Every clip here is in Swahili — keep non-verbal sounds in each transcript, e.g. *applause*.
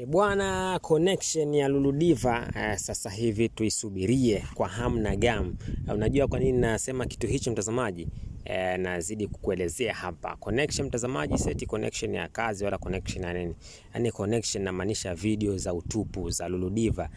E bwana, connection ya Luludiva eh, sasa hivi tuisubirie kwa hamu na gamu. E, unajua kwa nini nasema kitu hicho mtazamaji? Eh, nazidi kukuelezea hapa connection mtazamaji, seti connection ya kazi wala connection ya nini, Yaani connection namaanisha video za utupu za Luludiva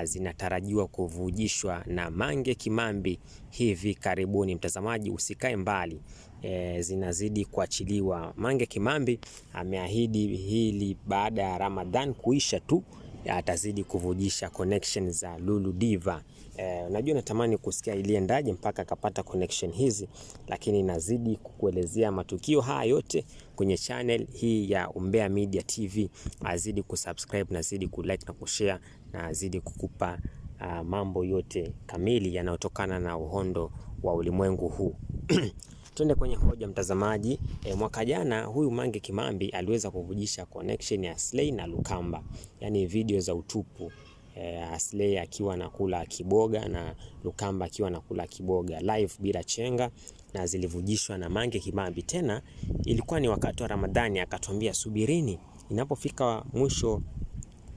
e, zinatarajiwa kuvujishwa na Mange Kimambi hivi karibuni. Mtazamaji, usikae mbali e, zinazidi kuachiliwa. Mange Kimambi ameahidi hili baada ya Ramadhan kuisha tu atazidi kuvujisha connection za Lulu Diva. E, unajua, eh, natamani kusikia iliendaje mpaka akapata connection hizi, lakini nazidi kukuelezea matukio haya yote kwenye channel hii ya Umbea Media TV. Azidi kusubscribe, nazidi kulike na kushare, na azidi kukupa uh, mambo yote kamili yanayotokana na uhondo wa ulimwengu huu *clears throat* Tuende kwenye hoja mtazamaji. E, mwaka jana huyu Mange Kimambi aliweza kuvujisha connection ya Slay na Lukamba, yaani video za utupu e, Slay akiwa nakula kiboga na Lukamba akiwa nakula kiboga live bila chenga, na zilivujishwa na Mange Kimambi. Tena ilikuwa ni wakati wa Ramadhani, akatwambia subirini, inapofika mwisho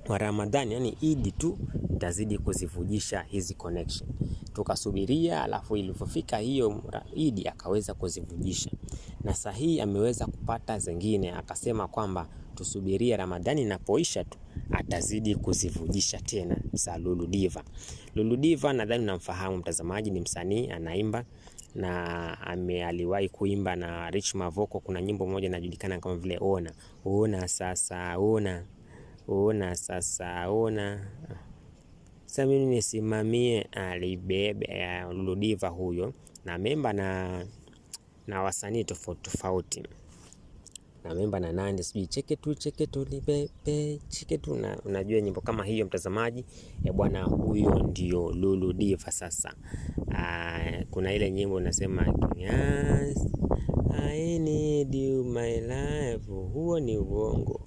wa Ramadhani, yani Eid tu, nitazidi kuzivujisha hizi connection tukasubiria, alafu ilivyofika hiyo Idi akaweza kuzivujisha, na sahihi ameweza kupata zingine. Akasema kwamba tusubirie Ramadhani inapoisha tu atazidi kuzivujisha tena za Lulu Diva. Lulu Diva nadhani unamfahamu mtazamaji, ni msanii anaimba na ame aliwahi kuimba na Rich Mavoko. Kuna nyimbo moja inajulikana kama vile ona ona sasa ona ona sasa ona sasa mimi nisimamie alibebe ah, ah, Ludiva huyo na memba na, na wasanii tofauti tofauti na memba na nani sijui cheke tu cheke tu libebe cheke tu na, unajua nyimbo kama hiyo mtazamaji, e bwana, huyo ndio Lulu Diva. Sasa aa, ah, kuna ile nyimbo unasema yes, I need you my life, huo ni uongo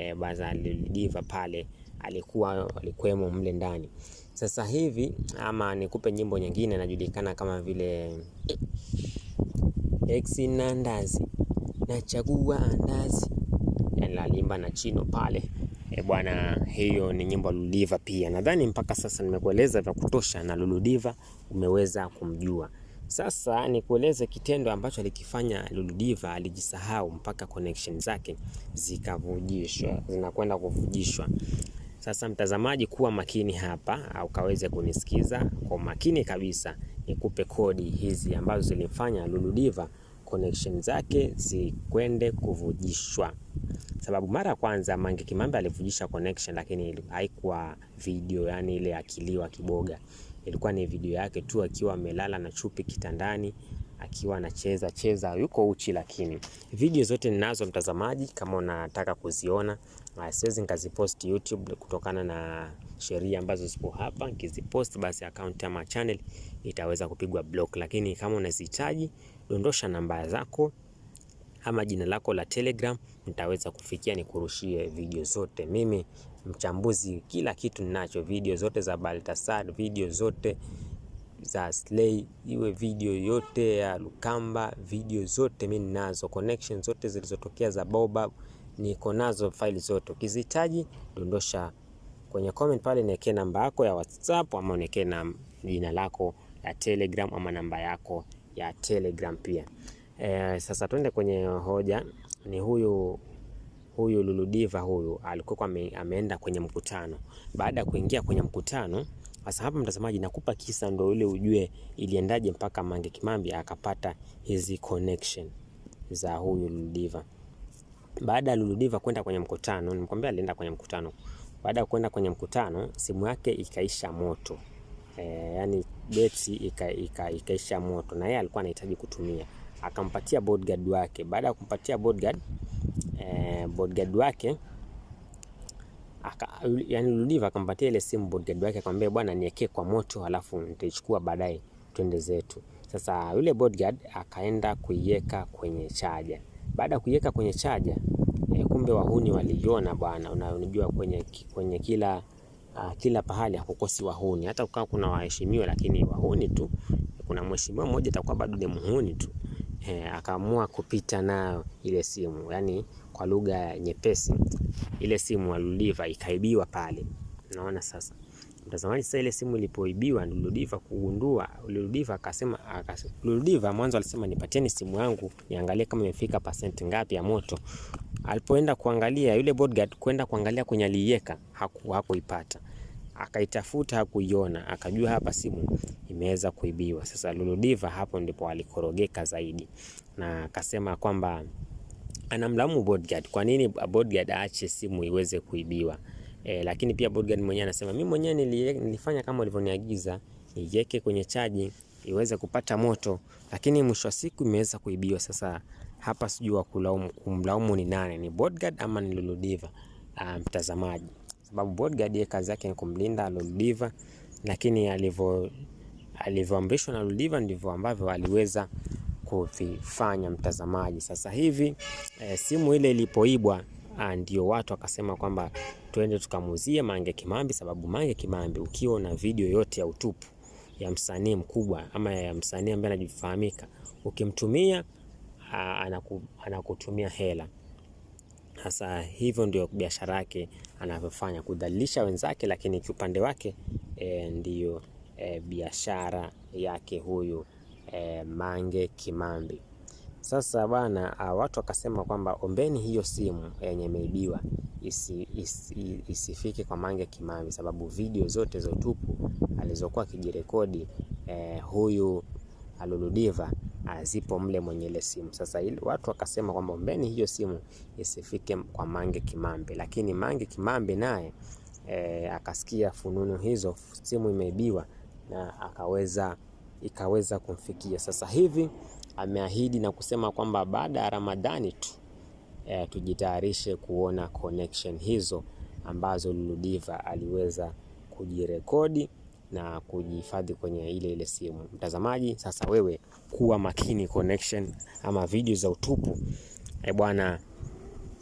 eh, baza lidiva pale alikuwa alikwemo mle ndani. Sasa hivi ama nikupe nyimbo nyingine inajulikana kama vile X na ndazi nachagua ndazi nalimba eh, na Chino pale e, bwana. Hiyo ni nyimbo Luludiva pia, nadhani mpaka sasa nimekueleza vya kutosha, na Luludiva umeweza kumjua. Sasa ni kueleze kitendo ambacho alikifanya Lulu Diva, alijisahau mpaka connection zake zikavujishwa, zinakwenda kuvujishwa. Sasa mtazamaji, kuwa makini hapa, au kaweze kunisikiza kwa makini kabisa, nikupe kodi hizi ambazo zilifanya Lulu Diva connection zake zikwende kuvujishwa. Sababu mara ya kwanza Mange Kimambe alivujisha connection, lakini haikuwa video, yani ile akiliwa kiboga ilikuwa ni video yake tu akiwa amelala na chupi kitandani akiwa anacheza cheza, yuko uchi. Lakini video zote ninazo mtazamaji, kama unataka kuziona. Ah, siwezi nikazipost YouTube kutokana na sheria ambazo zipo hapa. Nikizipost basi account ama channel itaweza kupigwa block, lakini kama unazihitaji, dondosha namba zako ama jina lako la Telegram, nitaweza kufikia nikurushie video zote. Mimi mchambuzi, kila kitu ninacho, video zote za Baltasar, video zote za Slay, iwe video yote ya Lukamba, video zote mimi ninazo, connection zote zilizotokea za Boba niko nazo, faili zote. Ukizihitaji dondosha kwenye comment pale, niekee namba yako ya WhatsApp ama niekee na jina lako la Telegram ama namba yako ya Telegram pia. E, sasa twende kwenye hoja. Ni huyu huyu Luludiva huyu alikuwa ameenda kwenye mkutano. Baada ya kuingia kwenye mkutano, sasa hapa mtazamaji, nakupa kisa ndio ile ujue iliendaje mpaka Mange Kimambi akapata hizi connection za huyu Luludiva. Baada ya Luludiva kwenda kwenye mkutano, nimkwambia alienda kwenye mkutano. Baada ya kwenda kwenye mkutano, simu yake ikaisha moto. E, yani betri ika, ika, ikaisha moto na yeye alikuwa anahitaji kutumia akampatia bodyguard wake. Baada ya kumpatia bodyguard eh, bodyguard wake aka, yani Ludiva akampatia ile simu bodyguard wake akamwambia, bwana, niekee kwa moto alafu nitachukua baadaye, twende zetu. Sasa yule bodyguard akaenda kuiweka kwenye chaja. Baada ya kuiweka kwenye chaja eh, kumbe wahuni waliona bwana. Unajua kwenye, kwenye kila uh, kila pahali hakukosi wahuni, hata ukawa kuna waheshimiwa, lakini wahuni tu. Kuna mheshimiwa mmoja atakuwa bado ni muhuni tu eh, akaamua kupita nayo ile simu, yani kwa lugha nyepesi ile simu Aluludiva ikaibiwa pale. Naona sasa mtazamaji, sasa ile simu ilipoibiwa Luludiva kugundua, Luludiva akasema akasema, Luludiva mwanzo alisema nipatieni simu yangu niangalie kama imefika pasenti ngapi ya moto. Alipoenda kuangalia yule bodyguard kwenda kuangalia kwenye aliiweka hakuipata haku akaitafuta kuiona, akajua hapa simu imeweza kuibiwa. Sasa Lulu Diva hapo ndipo alikorogeka zaidi, na akasema kwamba anamlaumu bodyguard, kwa nini bodyguard aache simu iweze kuibiwa? E, lakini pia bodyguard mwenyewe anasema mimi mwenyewe nilifanya kama ulivyoniagiza, niiweke kwenye chaji iweze kupata moto, lakini mwisho wa siku imeweza kuibiwa. Sasa hapa sijui wa kulaumu, kumlaumu ni nani, ni bodyguard ama ni Lulu Diva? Ah, mtazamaji, sababu bodyguard yeye kazi yake ni kumlinda lodiva lakini alivyo alivyoamrishwa na Loldiva ndivyo ambavyo aliweza kuvifanya mtazamaji. Sasa hivi e, simu ile ilipoibwa ah, ndio watu wakasema kwamba tuende tukamuzie Mange Kimambi, sababu Mange Kimambi ukiwa na video yote ya utupu ya msanii mkubwa ama ya msanii ambaye anajifahamika ukimtumia ah, anaku, anakutumia hela Hasa hivyo ndio biashara yake anavyofanya kudhalilisha wenzake, lakini kiupande wake e, eh, ndiyo e, eh, biashara yake huyu e, Mange Kimambi. Sasa bwana, ah, watu wakasema kwamba ombeni hiyo simu yenye imeibiwa isi, isi, isifike kwa Mange Kimambi, sababu video zote za utupu alizokuwa akijirekodi e, huyu aluludiva Ah, zipo mle mwenye ile simu. Sasa ili watu wakasema kwamba ombeni hiyo simu isifike kwa Mange Kimambi, lakini Mange Kimambi naye e, akasikia fununu hizo, simu imeibiwa na akaweza ikaweza kumfikia. Sasa hivi ameahidi na kusema kwamba baada ya Ramadhani tu e, tujitayarishe kuona connection hizo ambazo Luludiva aliweza kujirekodi na kujihifadhi kwenye ile ile simu. Mtazamaji, sasa wewe kuwa makini, connection ama video za utupu e bwana,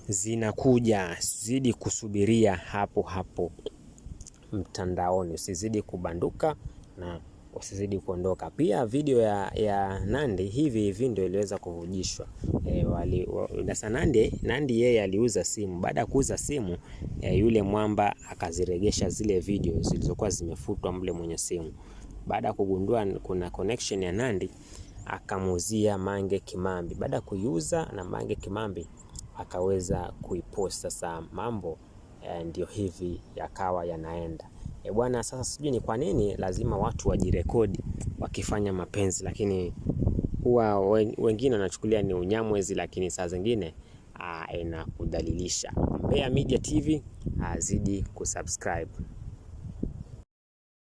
zinakuja. Zidi kusubiria hapo hapo mtandaoni, usizidi kubanduka na wasizidi kuondoka. Pia video ya, ya Nandi hivi hivi ndio iliweza kuvujishwa e, wali, wa, Nandi Nandi yeye aliuza simu. Baada ya kuuza simu e, yule mwamba akaziregesha zile video zilizokuwa zimefutwa mle mwenye simu. Baada ya kugundua kuna connection ya Nandi akamuuzia Mange Kimambi. Baada ya kuiuza na Mange Kimambi akaweza kuipost. Sasa mambo e, ndio hivi yakawa yanaenda e bwana. Sasa sijui ni kwa nini lazima watu wajirekodi wakifanya mapenzi, lakini huwa wengine wanachukulia ni unyamwezi, lakini saa zingine ah, inakudhalilisha. Umbea Media TV, azidi ah, kusubscribe.